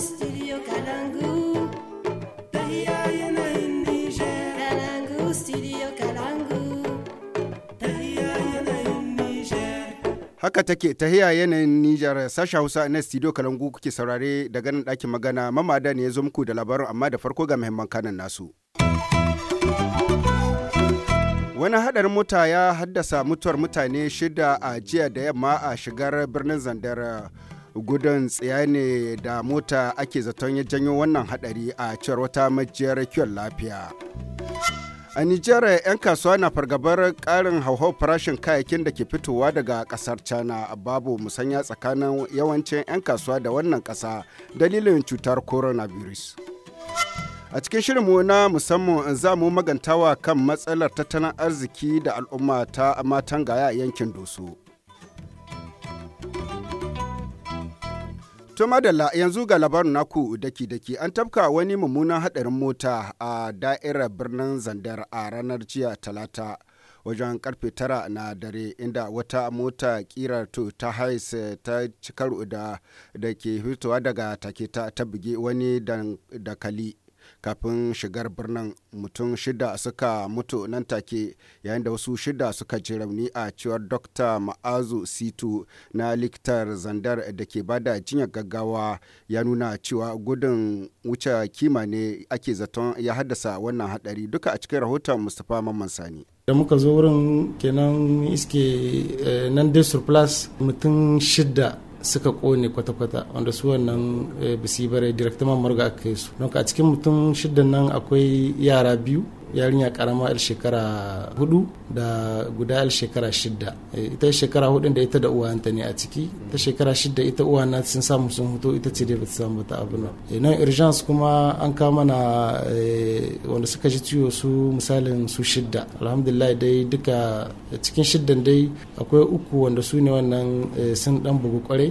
studio Kalangu. Kalangu Nijar. Haka take tahiya yanayin Nijar sasha Hausa na studio Kalangu kuke saurare daga nan ɗakin magana mamada ne ya zo muku da labarin amma da farko ga muhimman kanan nasu. Wani haɗarin mota ya haddasa mutuwar mutane shida a jiya da yamma a shigar birnin Zandar. gudun tsaye ne da mota ake zaton ya janyo wannan hadari a cewar wata majiyar kiwon lafiya. A Nijar 'yan kasuwa na fargabar karin hauhau farashin kayakin da ke fitowa daga kasar China babu musanya tsakanin yawancin 'yan kasuwa da wannan ƙasa dalilin cutar coronavirus. A cikin shirinmu na musamman za mu magantawa kan matsalar tattalin arziki da al'umma ta matan gaya a yankin Doso. To madalla yanzu ga labarin naku daki-daki an tafka wani mummunan hadarin mota a da'irar birnin Zandar a ranar jiya talata. wajen karfe tara na dare inda wata mota kirar to ta haise eh, ta cikar da ke fitowa daga taketa ta buge wani dankali kafin shigar birnin mutum shida suka mutu nan take yayin da wasu shida suka ji rauni a cewar dr ma'azu situ na likitar zandar da ke bada jinyar gaggawa ya nuna cewa gudun wuce kima ne ake zaton ya haddasa wannan hadari duka a cikin rahoton mustapha mamman sani da muka zo wurin kenan iske eh, nan dai surplus mutum shida suka kone kwata-kwata wanda su wannan eh, bisi direktaman directement morgue kai su don a cikin mutum shidda nan akwai yara biyu yarinya karama yar shekara hudu da guda yar shekara shidda eh, ita shekara hudun da ita da uwanta ne a ciki ta shekara shidda ita uwana sun samu sun hutu ita ce dai ba ta samu ta abu nan eh, nan urgence kuma an kama na eh, wanda suka ji ciwo su misalin su shidda alhamdulillah dai duka cikin shiddan dai akwai uku wanda su ne wannan sun dan bugu kwarai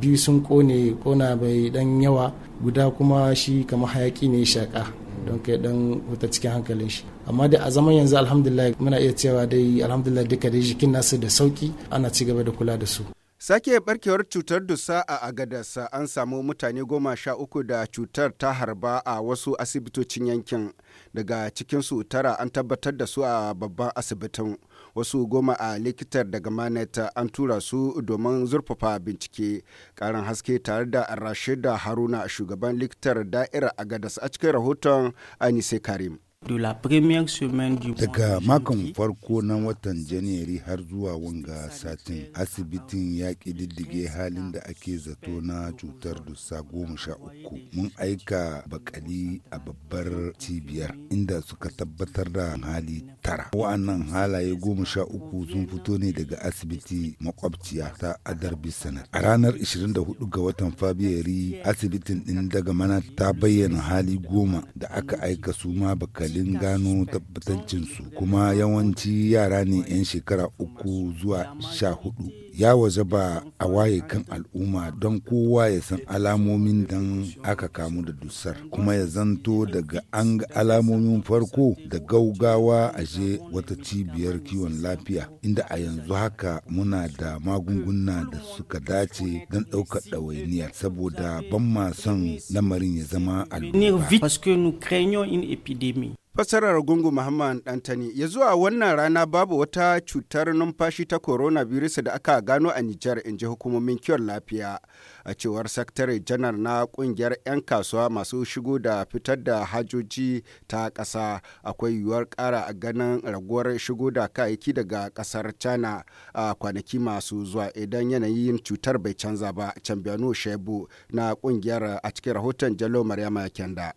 biyu sun kone kona bai dan yawa guda kuma shi kamar hayaki ne shaka don kai dan wuta cikin hankalin shi amma da a zaman yanzu alhamdulillah muna iya cewa dai alhamdulillah duka dai jikin nasu da sauki ana ci gaba da kula da su Sake barkewar cutar dusa a Agadas an samu mutane goma sha uku da cutar ta harba a wasu asibitocin yankin daga cikinsu tara an tabbatar da su a babban asibitin. wasu goma a likitar daga manet an tura su domin zurfafa bincike karin haske tare da rashida haruna shugaban likitar da'ira agadas a cikin rahoton anise karim Daga makon farko na watan Janairu har zuwa wanga satin asibitin ya diddige halin da ake zato na cutar dusa goma sha uku. Mun aika bakali a babbar cibiyar inda suka tabbatar da hali tara. Wa'annan halaye goma sha uku sun fito ne daga asibiti makwabciya ta adar bisana A ranar 24 ga watan Fabiyari asibitin ɗin daga mana ta bayyana hali goma da aka aika su ma bakali dalilin gano su kuma yawanci yara ne 'yan shekara uku zuwa sha hudu. Ya waje ba a waye kan al'umma don kowa ya san alamomin dan aka kamu da dusar kuma ya zanto daga an ga alamomin farko da gaugawa a je wata cibiyar kiwon lafiya inda a yanzu haka muna da magunguna da suka dace don ɗaukar ɗawainiya saboda ban masan lamarin ya zama al'umma. Fasarar Gungu Muhammad Dantani ya zuwa wannan rana babu wata cutar numfashi ta coronavirus da aka gano a Nijar in ji hukumomin kiwon lafiya. A cewar Sakatare janar na kungiyar 'yan kasuwa masu shigo da fitar da hajoji ta ƙasa akwai yiwuwar ƙara a ganin raguwar shigo da kayayyaki daga ƙasar China a kwanaki masu zuwa idan yanayin cutar bai canza ba. Cambiano Shebu na kungiyar a cikin rahoton Jalo Maryama Kenda.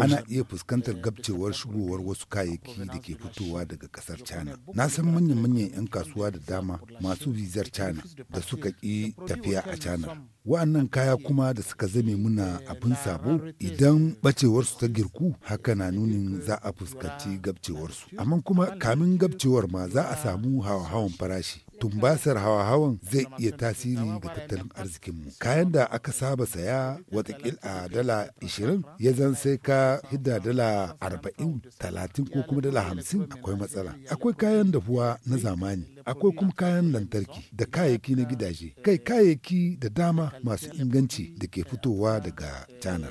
Ana iya fuskantar gabcewar shigowar wasu kayayyaki da ke fitowa daga kasar China. Na san manyan-manyan 'yan kasuwa da dama masu vizar China da suka ƙi tafiya a China. Wa'annan kaya kuma da suka zame muna abin sabo idan bacewarsu ta girku haka na nunin za a fuskanci gabcewarsu. Amma kuma kamin gabcewar ma za a samu hawa-hawan farashi tumbasar hawa-hawan zai iya tasiri ga tattalin arzikinmu kayan da aka saba saya watakil a dala 20 ya zan sai ka hidda dala 40 30 ko kuma dala 50 akwai matsala akwai kayan dafuwa na zamani akwai kuma kayan lantarki da kayayyaki na gidaje kai kayayyaki da dama masu inganci da ke fitowa daga canar.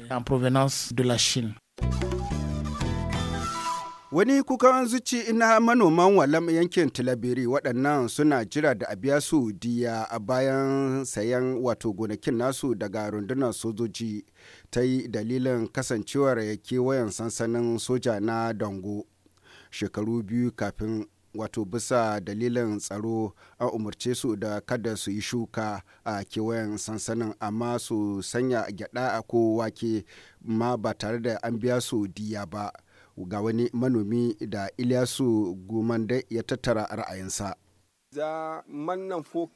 Wani kukan zuci na manoman walam yankin Tilabiri waɗannan suna jira da a biya su diya a bayan sayan wato gonakin nasu daga rundunar sojoji ta yi dalilin kasancewar kewayen sansanin soja na Dango. Shekaru biyu kafin wato bisa dalilin tsaro an umarce su da kada su yi shuka a kewayen sansanin amma su sanya gyada a ko wake ma ba tare da an biya su diya ba. ga wani manomi da Ilyasu Gumande ya tattara ra'ayinsa.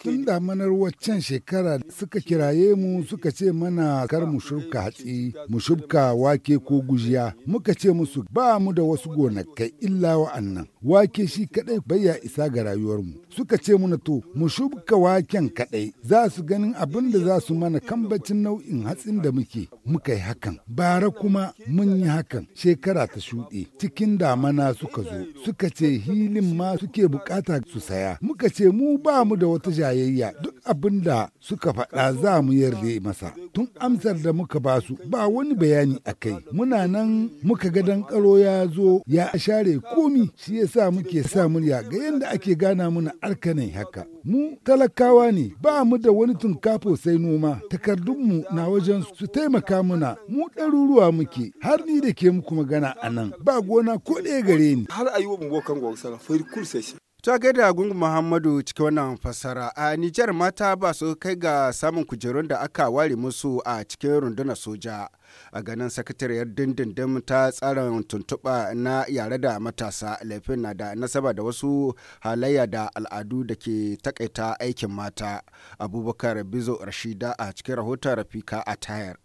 Tun damanar waccan shekara suka kiraye mu suka ce mana kar mu shubka hatsi, mu shubka wake ko gujiya, muka ce musu ba mu da wasu gonakai illa wa'annan. Wake shi kadai baya isa ga rayuwarmu. Suka ce muna to mu shubka waken kadai za su ganin abin da za su mana kambacin nau'in hatsin da muke. Muka yi hakan. Bara kuma mun yi hakan shekara ta shuɗe. Cikin damana suka zo suka ce hilin ma suke bukata su saya. muka ce mu ba mu da wata jayayya duk abin da suka faɗa za mu yarda masa. Tun amsar da muka ba su ba wani bayani a kai. Muna nan muka ga dan dankaro ya zo ya share komi shi yasa muke sa murya ga yadda ake gana muna arkanai haka. Mu talakawa ne ba mu da wani tunkafo sai noma takardunmu na wajen su taimaka muna mu ɗaruruwa muke har ni da ke muku magana a nan ba gona ko ɗaya gare ni. Har a wa mu bokan gwagwasa Ta gaida gungun Muhammadu cikin wannan fassara a Nijar mata ba su kai ga samun kujerun da aka ware musu a cikin rundunar soja. A ganin sakatariyar dindindin ta tsarin tuntuɓa na yare da matasa laifin na da nasaba da wasu halayya da al'adu da ke takaita aikin mata. Abubakar Bizo Rashida a cikin rahoton Rafika a tayar.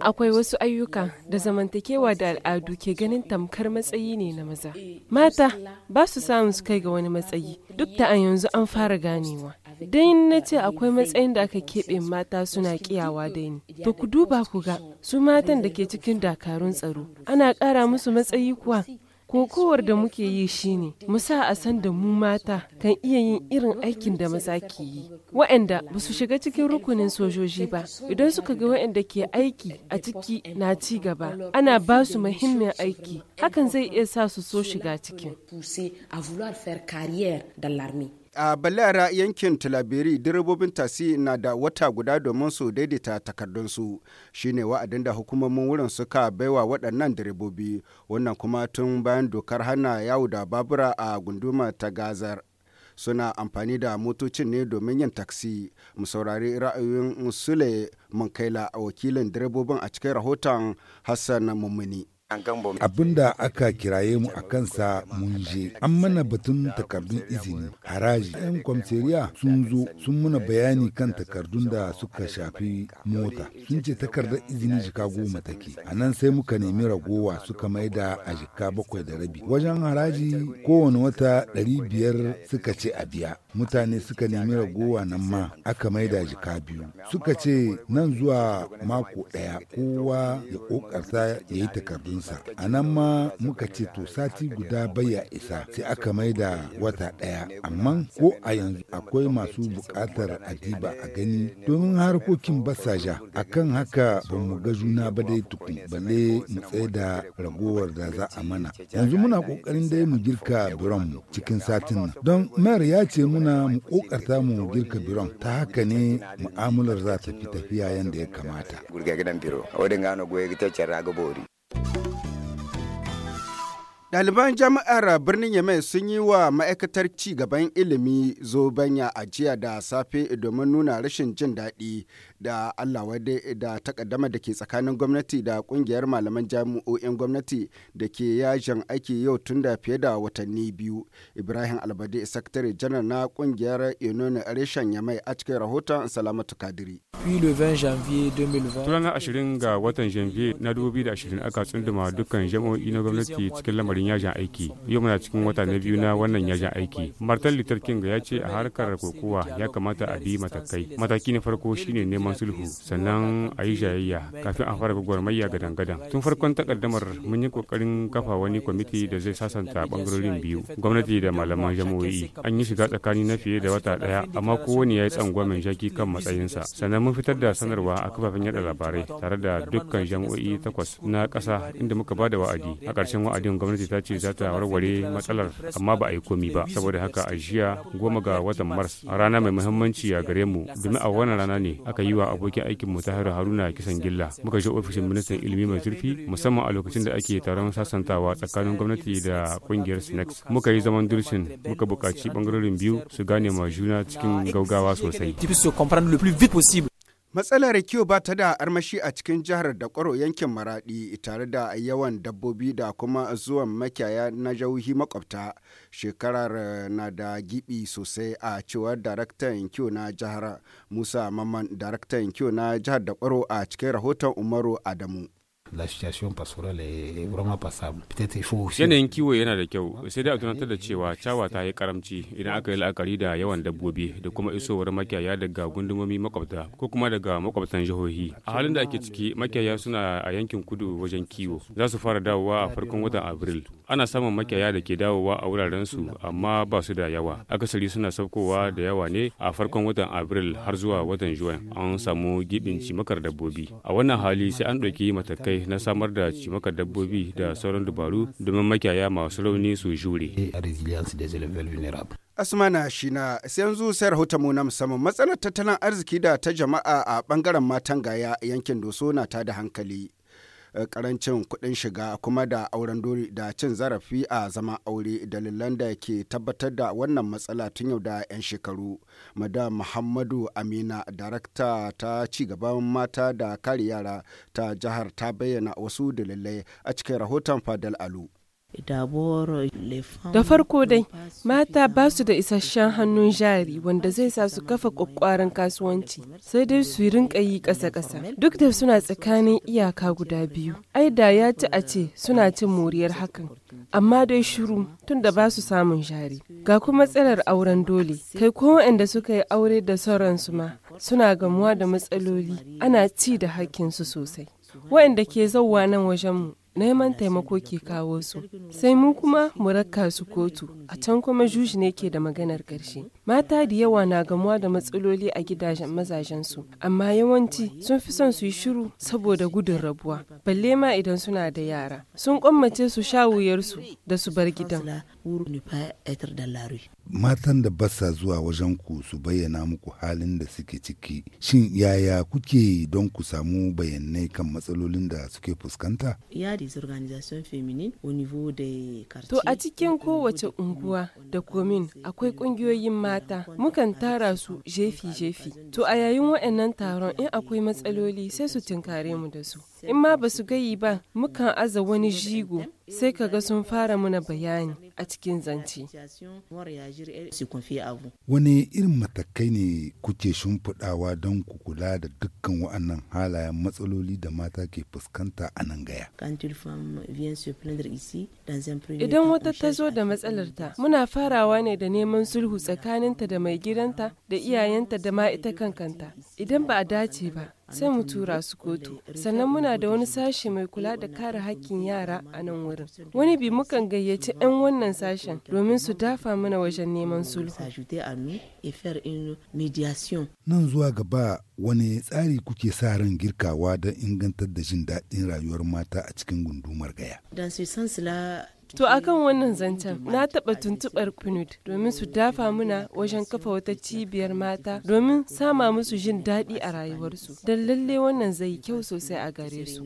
Akwai wasu ayyuka da zamantakewa da al'adu ke ganin tamkar matsayi ne na maza. Mata ba su samun su kai ga wani matsayi duk da a yanzu an fara ganewa. Dan na ce akwai matsayin da aka keɓe mata suna kiyawa da ni. To ku duba ku ga su matan da ke cikin dakarun tsaro ana ƙara musu matsayi kuwa kowar da muke yi shine mu sa a san da mu mata kan iya yin irin aikin da maza ke yi waɗanda ba su shiga cikin rukunin sojoji ba idan suka ga waɗanda ke aiki a ciki na ci gaba ana ba su muhimmin aiki hakan zai iya sa su so shiga cikin A Balara yankin talabiri direbobin tasi na da wata guda domin su daidaita takardunsu shine wa'adin da hukumomin wurin suka baiwa waɗannan direbobi wannan kuma tun bayan dokar hana yawu da babura a gunduma ta gazar. Suna amfani da motocin ne domin yin taksi. Mu saurari ra'ayoyin Sule Mankaila a wakilin direbobin a cikin rahoton Hassan Mummuni. Abin da aka kiraye mu a kansa mun je, an mana batun takardun izini, haraji. 'Yan kwamteriya sun zo sun muna bayani kan takardun da suka shafi mota. Sun ce takardar izini jika goma take. A nan sai muka nemi ragowa suka maida a jika bakwai da rabi. Wajen haraji kowane wata ɗari biyar suka ce a biya. Mutane suka nemi ragowa nan ma aka da jika biyu. Suka ce nan zuwa mako ɗaya kowa ya ƙoƙarta ya yi takardun amsar a nan ma muka ce to sati guda baya isa sai aka mai da wata ɗaya amma ko a yanzu akwai masu buƙatar adiba a gani domin harkokin basaja a kan haka ba mu ga juna ba dai tukun balle mu tsaye da ragowar da za a mana yanzu muna ƙoƙarin dai mu girka biron cikin satin nan don mayar ya ce muna mu ƙoƙarta mu girka biron ta haka ne mu'amalar za ta fi tafiya yanda ya kamata. Gurgagidan biro, a wadin gano ta bori. Ɗaliban jami'ar birnin Yemen sun yi wa ma'aikatar ci gaban ilimi zobanya a jiya da safe domin nuna rashin jin daɗi da Allah wadai da takaddama da ke tsakanin gwamnati da kungiyar malaman jami'o'in gwamnati da ke yajin aiki yau tun da fiye da watanni biyu. Ibrahim Albade Sakatare janar na kungiyar Union Reshen Yamai a cikin rahoton Salamatu Kadiri. Ranar ashirin ga watan Janvier na 2020 aka tsunduma dukkan jami'o'i na gwamnati cikin lamarin yajin aiki. Yau muna cikin wata na biyu na wannan yajin aiki. Martin Luther King ya ce a harkar kokowa ya kamata a bi matakai. Mataki na farko shine neman neman sulhu sannan a yi jayayya kafin a fara gwagwarmayya gadan-gadan tun farkon takaddamar mun yi kokarin kafa wani kwamiti da zai sasanta bangarorin biyu gwamnati da malaman jami'o'i an yi shiga tsakani na fiye da wata daya amma kowane ya yi tsangwamen shaki kan matsayinsa sannan mun fitar da sanarwa a kafafen yada labarai tare da dukkan jami'o'i takwas na ƙasa inda muka ba da wa'adi a ƙarshen wa'adin gwamnati ta ce za ta warware matsalar amma ba a yi komi ba saboda haka a jiya goma ga watan mars a rana mai muhimmanci a gare mu domin a wannan rana ne aka yi wa. cewa abokin aikinmu Tahiru Haruna kisan gilla. Muka shi ofishin ministan ilimi mai zurfi musamman a lokacin da ake taron sasantawa tsakanin gwamnati da kungiyar snacks Muka yi zaman durshin muka buƙaci bangarorin biyu su gane ma juna cikin gaugawa sosai. Matsalar kiwo ba ta da armashi a cikin jihar da kwaro yankin Maradi tare da yawan dabbobi da kuma zuwan makiyaya na jauhi makwabta. Shekarar eh, na da gibi sosai a cewar daraktan kiwo na jihar Musa Mamman daraktan kiwo na jihar da kwaro a cikin rahoton Umaru Adamu. la situation pastorale est vraiment passable peut-être il faut aussi yanayin kiwo yana da kyau sai dai a tunatar da cewa cawa ta yi karamci idan aka yi la'akari da yawan dabbobi da kuma isowar makiyaya daga gundumomi makwabta ko kuma daga makwabtan jihohi a halin da ake ciki makiyaya suna a yankin kudu wajen kiwo za su fara dawowa a farkon watan abril ana samun makiyaya da ke dawowa a wuraren su amma ba su da yawa akasari suna saukowa da yawa ne a farkon watan abril har zuwa watan juan an samu gibin cimakar dabbobi a wannan hali sai an ɗauki matakai na samar da cimakar dabbobi da sauran dabaru domin makiyaya masu rauni su jure. Asmana Shina sai yanzu sai mu na musamman matsalar tattalin arziki da ta jama'a a bangaren matan gaya yankin Doso na ta da hankali. karancin eh, kuɗin shiga kuma da auren dori da cin zarafi a zama aure dalilan da ke tabbatar da wannan matsala tun yau da 'yan shekaru. Madam Muhammadu Amina, darakta ta ci gaban mata da kare yara ta jihar ta bayyana wasu dalilai a cikin rahoton Fadal Alu. Da farko dai, mata ba su da isasshen hannun jari wanda zai sa su kafa kwakwaran kasuwanci, sai dai su rinka yi ƙasa-ƙasa. Duk da suna tsakanin iyaka guda biyu, ai da ya ci a ce suna cin moriyar hakan. Amma dai shiru tun da ba su samun jari. Ga kuma matsalar auren dole, kai ko waɗanda suka yi aure da sauransu ma suna gamuwa da matsaloli, ana ci da hakkinsu sosai. waɗanda ke zauwa nan wajenmu neman taimako ke kawo su sai mu kuma mu rakka su kotu a can kuma juji ne ke da maganar ƙarshe Mata da yawa na gamuwa da matsaloli a gidajen mazajensu, amma yawanci sun fi son su yi shiru saboda gudun rabuwa, balle ma idan suna da yara. Sun kwammace su sha wuyarsu da su bar gidan. Matan da basa zuwa wajen ku su bayyana muku halin da suke ciki, shin yaya kuke don ku samu bayanai kan matsalolin da suke fuskanta? To a cikin kowace unguwa da komin akwai ƙungiyoyin mata. mata mukan tara su jefi-jefi. To a yayin waɗannan taron in akwai matsaloli sai su tinkare mu da su. In ma ba su gayi ba mukan aza wani jigo sai kaga sun fara mana bayani a cikin zance. Wani irin matakai ne kuke shimfiɗawa don ku kula da dukkan wa'annan halayen matsaloli da mata ke fuskanta a nan gaya? Idan wata ta zo da matsalarta, muna farawa ne da neman sulhu tsakaninta da mai gidanta da iyayenta da ma ita kankanta. Idan ba a dace ba, sai mu tura su kotu sannan muna da wani sashe mai kula da kare hakkin yara a nan wurin wani bi mukan gayyaci 'yan wannan sashen domin su dafa mana wajen neman sulhu nan zuwa gaba wani tsari kuke sa ran girkawa don ingantar da jin daɗin rayuwar mata a cikin gundumar gaya To akan wannan zancen na taɓa tuntuɓar PNUD domin su dafa muna wajen kafa wata cibiyar mata domin sama musu jin daɗi a rayuwarsu. Don lalle wannan zai kyau sosai a gare su.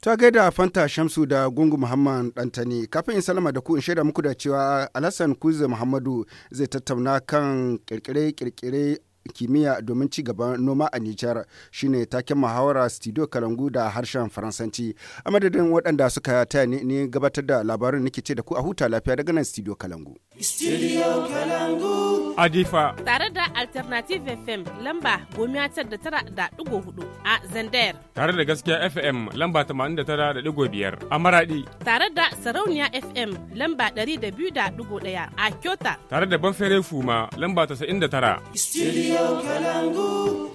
ta gaida fanta shamsu da gungu muhammad dantani kafin in salama da ku in shaida muku da cewa alhassan kuzi muhammadu zai tattauna kan kirkire-kirkire kimiyya domin ci gaban noma a Nijar shine taken muhawara studio Kalangu da harshen Faransanci. A madadin waɗanda suka taya ni gabatar da labarin nake ce da ku a huta lafiya daga nan studio Kalangu. Studio Kalangu. Adifa. Tare da Alternative FM lamba gomiya tar da tara da ɗigo hudu a Zandayar. Tare da gaskiya FM lamba tamanin da tara da ɗigo biyar a Maraɗi. Tare da Sarauniya FM lamba ɗari da biyu da ɗigo ɗaya a Kyota. Tare da Banfere Fuma lamba tasa'in da tara. Studio Studio Kalangu.